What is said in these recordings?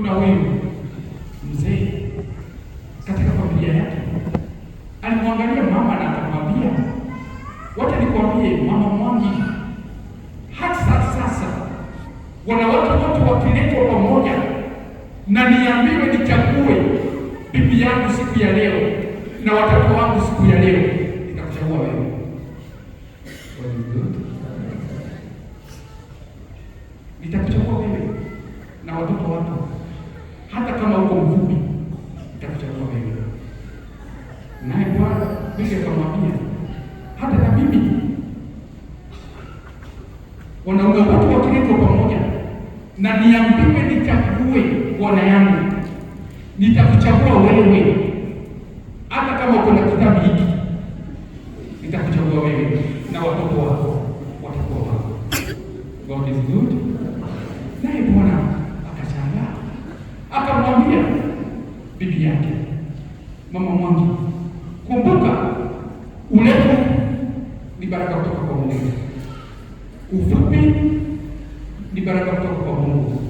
kuna wewe mzee katika familia yake, alimwangalia mama na akamwambia, wacha nikwambie mama Mwangi, hasa sasa wanawake wote wakiletwa pamoja na niambiwe nichague bibi yangu siku ya leo na watoto wangu siku ya leo, nitakuchagua wewe. Nitakuchagua wewe na watoto wako hata kama uko mvuvi nitakuchagua wewe. Naye Bwana kisha akamwambia, hata na mimi wanaume wote wakiletwa pamoja na niambiwe nichague bwana yangu, nitakuchagua wewe, hata kama uko na kitabu hiki nitakuchagua wewe na watoto wako watakuwa wako. God is good. Naye Bwana akili yake. Mama mwanzo, kumbuka urefu ni baraka kutoka kwa Mungu, ufupi ni baraka kutoka kwa Mungu,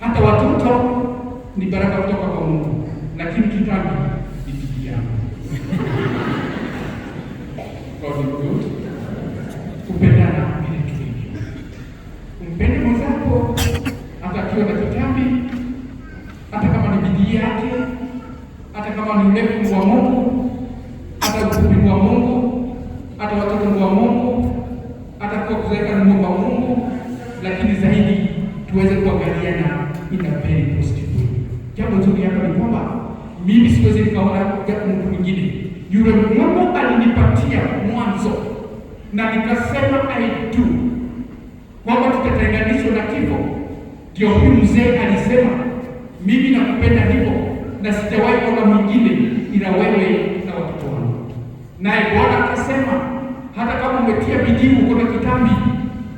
hata watoto ni baraka kutoka kwa Mungu, lakini kitambi ni bidii yako kupendana vile tulivyo. Umpende mwenzako hata akiwa na kitambi, hata kama ni bidii yake hata kama ni urefu wa Mungu, hata ufupi wa Mungu, hata watoto wa Mungu, hata kwa kuweka Mungu wa Mungu, lakini zaidi tuweze kuangaliana na a very positive Jambo zuri hapa ni kwamba mimi siwezi nikaona mtu mwingine yule Mungu alinipatia mwanzo na nikasema I do kwamba tutatenganishwa na kifo. Ndio huyu mzee alisema mimi nakupenda hivyo na sitawahi kuona mwingine ila wewe na watoto wangu. Naye Bwana akasema, hata kama umetia bidii uko na kitambi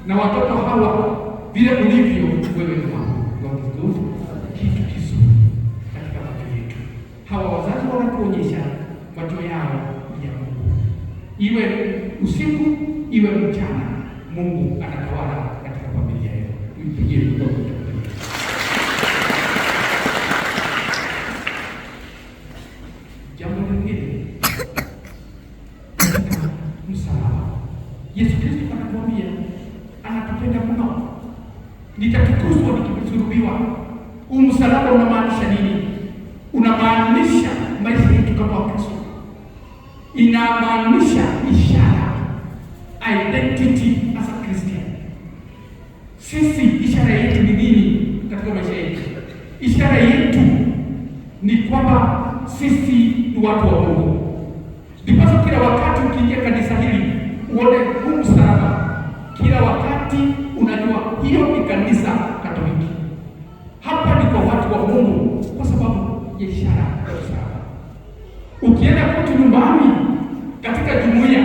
na watoto hawa vile ulivyo wewe kwangu. Kitu kizuri katika macho yetu. Hawa wazazi wanatuonyesha macho yao ya Mungu, iwe usiku iwe mchana, Mungu anatawala katika familia yetu. mkono. nampenda mno, nitatukuzwa nikizulubiwa. Huu msalaba unamaanisha nini? Unamaanisha maisha yetu kama Wakristo, inamaanisha ishara, identity as a Christian. Sisi ishara yetu ni nini katika maisha yetu? Ishara yetu ni kwamba sisi ni watu wa Mungu. Ndipo kila wakati ukiingia kanisa hili uone huu msalaba kila wakati. Unajua hiyo ni kanisa Katoliki, hapa ni kwa watu wa Mungu kwa sababu ya ishara Ukienda kutu nyumbani, katika jumuiya,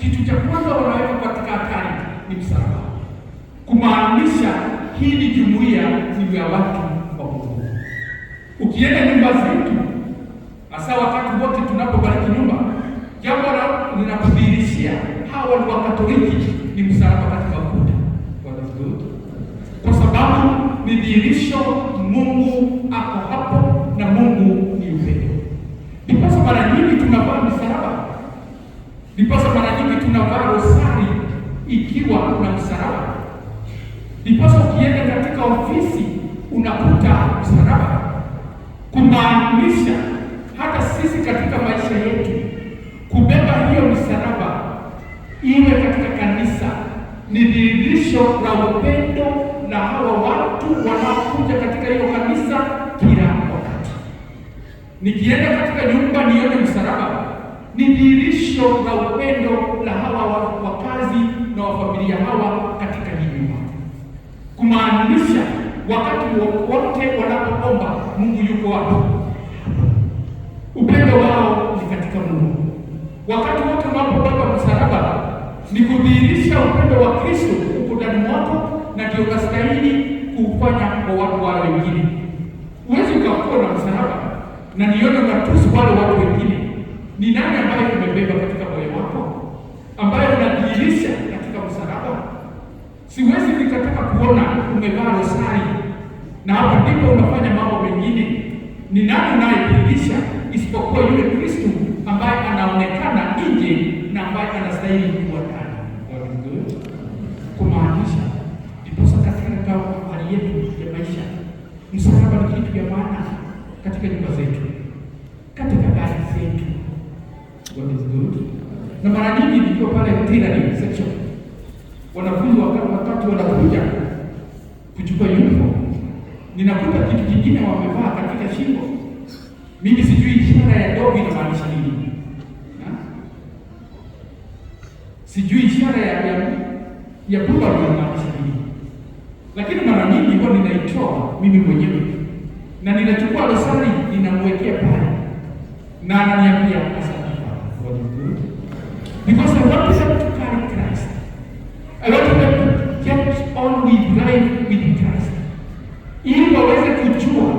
kitu cha kwanza wanaweka katika hatari ni msalaba, kumaanisha hii ni jumuiya ni ya watu wa Mungu. Ukienda nyumba zetu, hasa wakati wote tunapobariki nyumba, jambo linakudhihirishia hawa ni Wakatoliki ni msalaba katika ukuta wa Daudi, kwa sababu ni dhihirisho Mungu ako hapo na Mungu ni upendo. Ndiposa mara nyingi tunavaa msalaba, ndiposa mara nyingi tunavaa rosari ikiwa kuna msalaba, ndiposa ukienda katika ofisi unakuta msalaba, kumaanisha hata sisi katika maisha yetu kubeba hiyo msalaba iwe katika kanisa ni dhihirisho la upendo na hawa watu wanaokuja katika hiyo kanisa kila wakati. Nikienda katika nyumba nione msalaba, ni dhihirisho la upendo la hawa wakazi na wafamilia hawa katika hii nyumba, kumaanisha wakati wote wanapoomba Mungu yuko hapo, Upendo wao ni katika Mungu wakati wote wanapo kupitia upendo wa Kristo uko ndani mwako, na ndio unastahili kufanya kwa watu wale wengine. Huwezi ukakuwa na msalaba na nione unatusi wale watu wengine. Ni nani ambaye umebeba katika moyo wako ambaye unadhihirisha katika msalaba? Siwezi nikataka kuona umevaa rosari na hapa ndipo unafanya mambo mengine. Ni nani unayedhihirisha isipokuwa yule Kristo ambaye anaonekana nje na ambaye anastahili kuwa katika nyumba zetu, katika gari zetu. God is good. Na mara nyingi nikiwa pale tirani section, wanafunzi wakati wanakuja kuchukua uniform, ninakuta kitu kingine wamevaa katika shingo. Mimi sijui ishara ya dobi inamaanisha nini, sijui ishara ya ya ya pumba inamaanisha nini, lakini mara nyingi huwa ninaitoa mimi mwenyewe na ninachukua dosari ninamwekea pale na ananiambia asante for the because I wanted them to carry Christ. I wanted them to get on with life with Christ, ili waweze kujua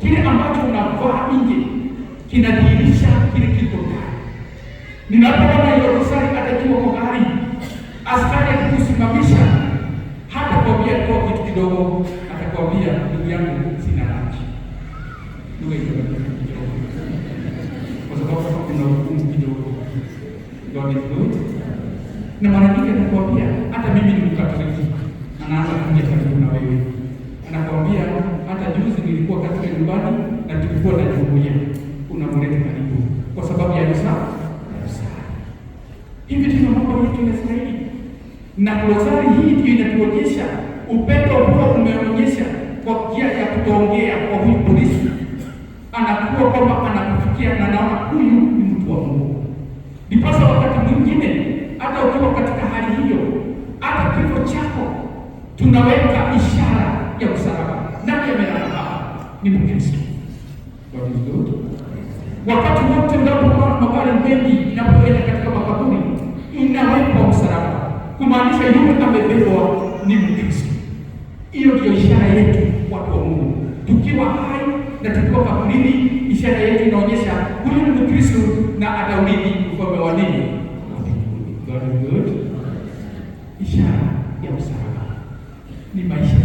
kile ambacho unavaa nje kinadhihirisha kile kilitokana. Ninapoona hiyo dosari, hata kiwa kwa gari, askari akikusimamisha hata kwambia toa kitu kidogo, atakwambia ndugu yangu iwekeaa kidogo, kwa sababu hapa kuna ugumu kidogo God na mara nyingi anakuambia hata mimi ni Mkatoliki, anaanza kuja karibu na wewe, anakuambia hata juzi nilikuwa katika nyumbani na tulikuwa na jumuiya, unamleta karibu kwa sababu ya Yohana hivi ndivyo mambo yetu yanastahili. Na Rozari hii ndio inatuonyesha upendo huo umeonyesha kwa njia ya kutoongea kwa huyu polisi anakuwa kwamba anakufikia na naona huyu ni mtu wa Mungu. Nipasa wakati mwingine hata ukiwa katika hali hiyo, hata kifo chako tunaweka ishara ya msalaba nani amelalama ni Mkristo. Wakati wote unapoona magari mengi inapoenda katika makaburi inawekwa msalaba, kumaanisha yule amebebwa ni Mkristo. Hiyo ndiyo ishara yetu watu wa Mungu tukiwa hai na tukiwa kaburini, ishara yetu inaonyesha huyu ni Mkristo na ataurithi ufalme wa nini? Ishara ya msalaba ni maisha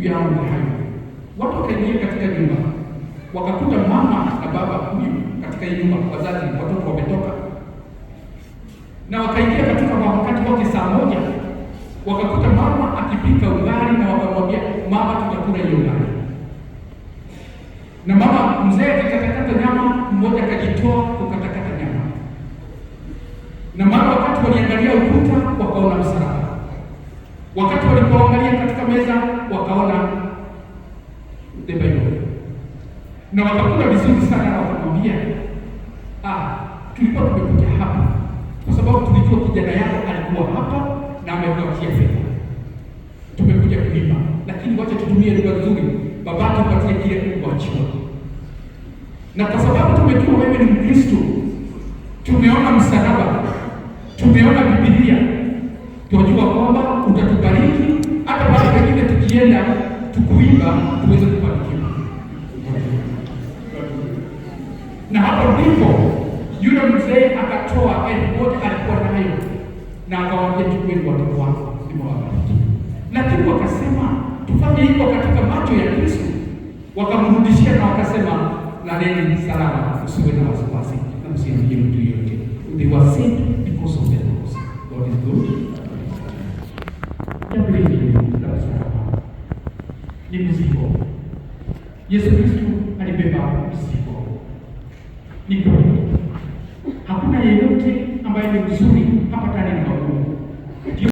juu ni hayo. Watu wakaingia katika nyumba, wakakuta mama na baba huyu katika hii nyumba, wazazi watoto wametoka, na wakaingia katika wakati wote saa moja, wakakuta mama akipika ugali, na wakamwambia mama, tutakula hiyo ugali. Na mama mzee akakatakata nyama, mmoja akajitoa kukatakata nyama, na mama wakati waliangalia ukuta wakaona msalaba. Wakati walipoangalia katika meza wakaona the Bible na watakula vizuri sana na wakamwambia, ah, tulikuwa tumekuja hapa kwa sababu tulijua kijana yako alikuwa hapa na amepatia fedha, tumekuja kulipa, lakini wacha tutumie lugha nzuri, baba tupatie kile kuachiwa. Na kwa sababu tumejua wewe ni Mkristo, tumeona msalaba, tumeona Biblia, tunajua kwamba utatubariki hata pengine tukienda tukuimba tuweze kufanikiwa. Na hapo ndipo yule mzee akatoa elfu moja alikuwa nayo na akawaambia, chukueni watoto wako nimewabariki. Lakini wakasema tufanye hivyo katika macho ya Kristo, wakamrudishia na wakasema, laleni salama, usiwe na wasiwasi na msiambie mtu yoyote. They ni mzigo. Yesu Kristo alibeba mzigo, ni kweli. Hakuna yeyote ambaye ni mzuri